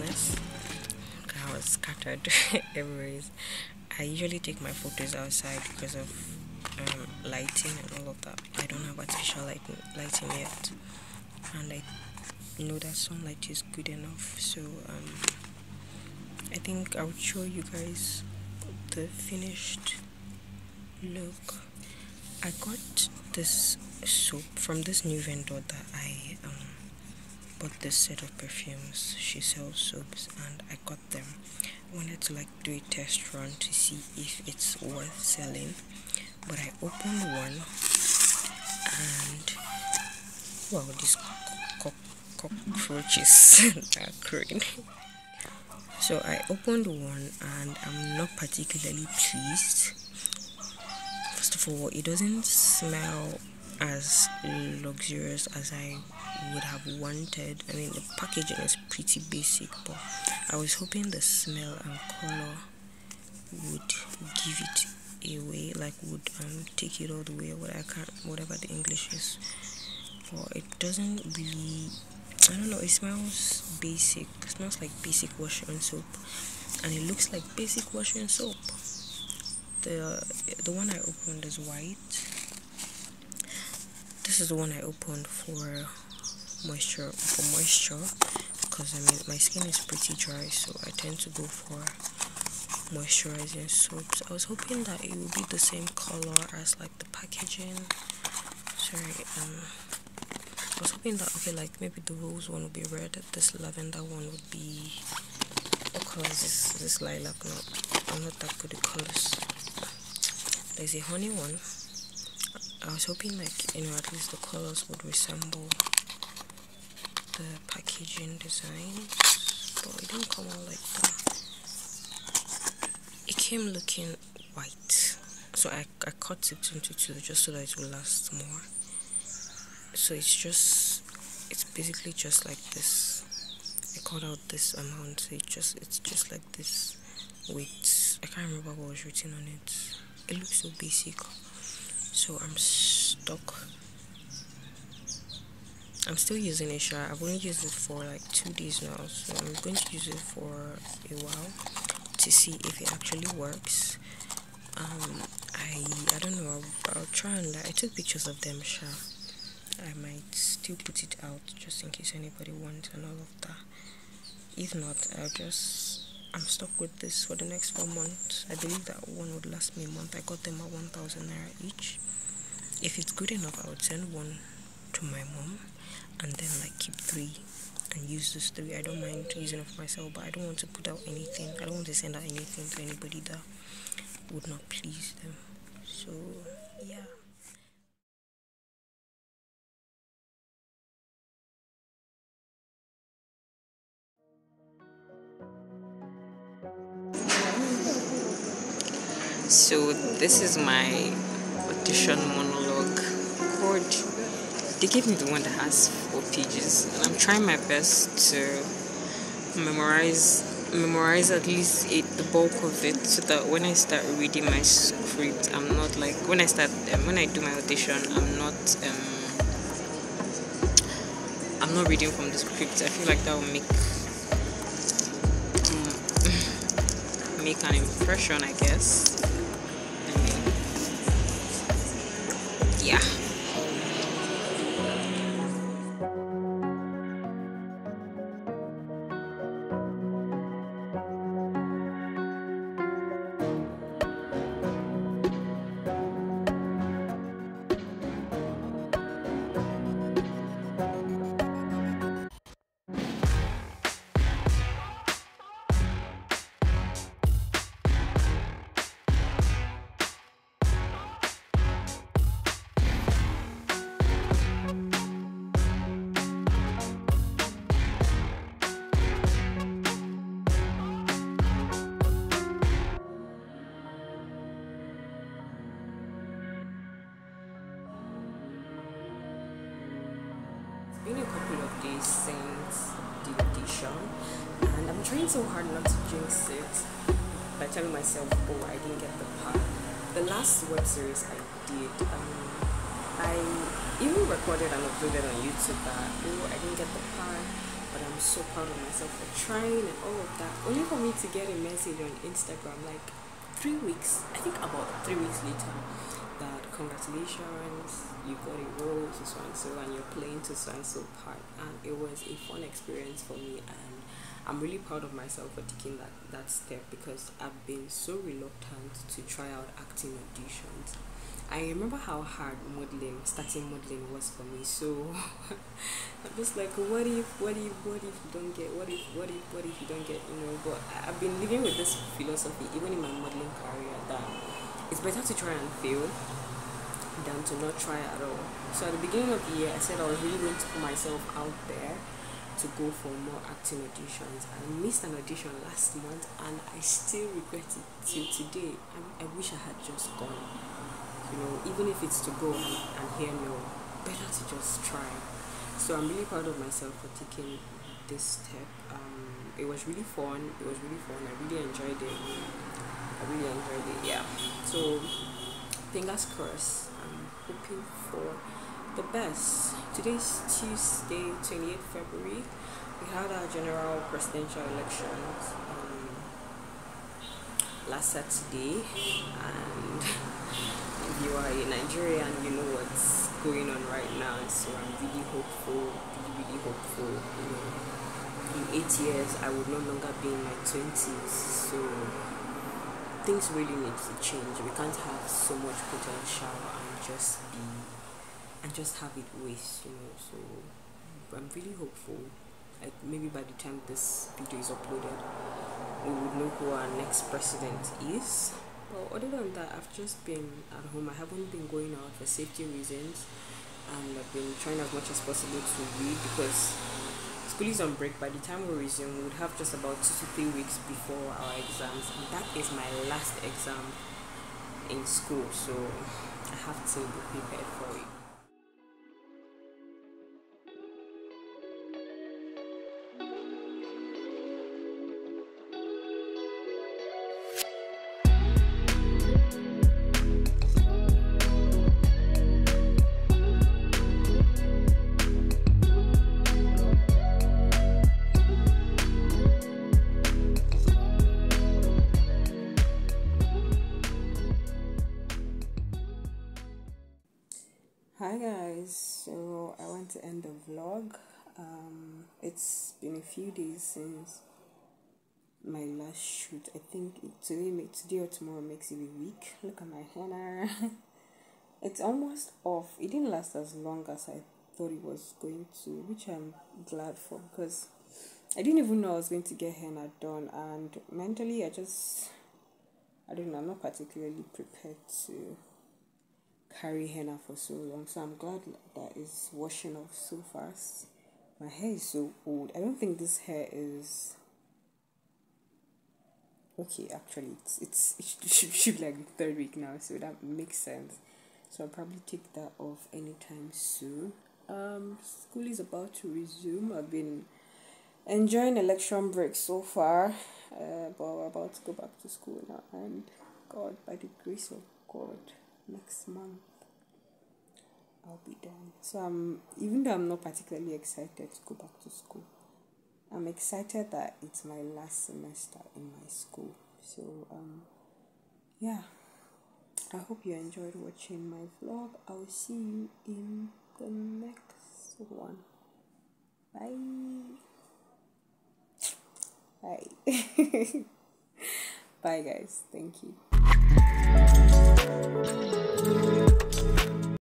business. I was scattered everywhere. I usually take my photos outside because of um, lighting and all of that. I don't have artificial lighting, lighting yet, and I know that sunlight is good enough. So um, I think I'll show you guys the finished look. I got this soap from this new vendor that I um, bought this set of perfumes she sells soaps and i got them I wanted to like do a test run to see if it's worth selling but i opened one and well these cockroaches are crying so i opened one and i'm not particularly pleased first of all it doesn't smell as luxurious as i would have wanted. I mean, the packaging is pretty basic, but I was hoping the smell and color would give it away, like would um, take it all the way, what I can't, whatever the English is. But it doesn't really. I don't know. It smells basic. It smells like basic washing and soap, and it looks like basic washing and soap. The the one I opened is white this is the one I opened for moisture for moisture because I mean my skin is pretty dry so I tend to go for moisturizing soaps I was hoping that it would be the same color as like the packaging sorry um I was hoping that okay like maybe the rose one would be red this lavender one would be what this this lilac not I'm not that good at colors there's a honey one I was hoping like you know at least the colors would resemble the packaging design, but it didn't come out like that. It came looking white, so I, I cut it into two just so that it will last more. So it's just, it's basically just like this. I cut out this amount, so it just, it's just like this with, I can't remember what was written on it. It looks so basic, so I'm stuck I'm still using it, sure. I've only used it for like two days now, so I'm going to use it for a while to see if it actually works. Um, I I don't know. I'll, I'll try and I took pictures of them, sure. I might still put it out just in case anybody wants and all of that. If not, I'll just I'm stuck with this for the next four months. I believe that one would last me a month. I got them at 1,000 naira each. If it's good enough, I would send one to my mom and then like keep three and use those three i don't mind using it for myself but i don't want to put out anything i don't want to send out anything to anybody that would not please them so yeah So this is my audition monologue called they gave me the one that has four pages, and I'm trying my best to memorize memorize at least it the bulk of it so that when I start reading my script, I'm not like when I start um, when I do my audition, I'm not um, I'm not reading from the script. I feel like that will make um, make an impression, I guess. I mean, yeah. is since the audition and I'm trying so hard not to jinx it by telling myself oh I didn't get the part. The last web series I did um, I even recorded and uploaded on YouTube that oh I didn't get the part but I'm so proud of myself for trying and all of that only for me to get a message on Instagram like three weeks I think about three weeks later congratulations, you got a role to so and so, and you're playing to so and so part. And it was a fun experience for me, and I'm really proud of myself for taking that, that step because I've been so reluctant to try out acting auditions. I remember how hard modeling, starting modeling was for me. So I'm just like, what if, what if, what if you don't get, what if, what if, what if you don't get, you know. But I've been living with this philosophy, even in my modeling career, that it's better to try and fail than to not try at all. So at the beginning of the year, I said I was really going to put myself out there to go for more acting auditions. I missed an audition last month and I still regret it till today. I, I wish I had just gone. You know, even if it's to go and, and hear no, better to just try. So I'm really proud of myself for taking this step. Um, it was really fun. It was really fun. I really enjoyed it. I really enjoyed it. Yeah. So fingers crossed hoping for the best. Today's Tuesday, 28th February. We had our general presidential elections um, last Saturday, and if you are a Nigerian, you know what's going on right now. So I'm really hopeful, really, really hopeful. You know, in eight years, I would no longer be in my 20s. So things really need to change. We can't have so much potential just be and just have it waste you know so i'm really hopeful like maybe by the time this video is uploaded we would know who our next president is well other than that i've just been at home i haven't been going out for safety reasons and i've been trying as much as possible to read because school is on break by the time we resume we would have just about two to three weeks before our exams and that is my last exam in school so I have to be prepared for it. hi guys so i want to end the vlog um, it's been a few days since my last shoot i think today today or tomorrow makes it a week look at my hair. it's almost off it didn't last as long as i thought it was going to which i'm glad for because i didn't even know i was going to get henna done and mentally i just i don't know i'm not particularly prepared to carry henna for so long. So I'm glad that it's washing off so fast. My hair is so old. I don't think this hair is okay. Actually, it's it's it should, should, like the third week now, so that makes sense. So I'll probably take that off anytime soon. Um, school is about to resume. I've been enjoying election break so far, uh, but we're about to go back to school now. And God, by the grace of God next month I'll be done. So I'm even though I'm not particularly excited to go back to school, I'm excited that it's my last semester in my school. So um yeah. I hope you enjoyed watching my vlog. I will see you in the next one. Bye. Bye. Bye guys. Thank you.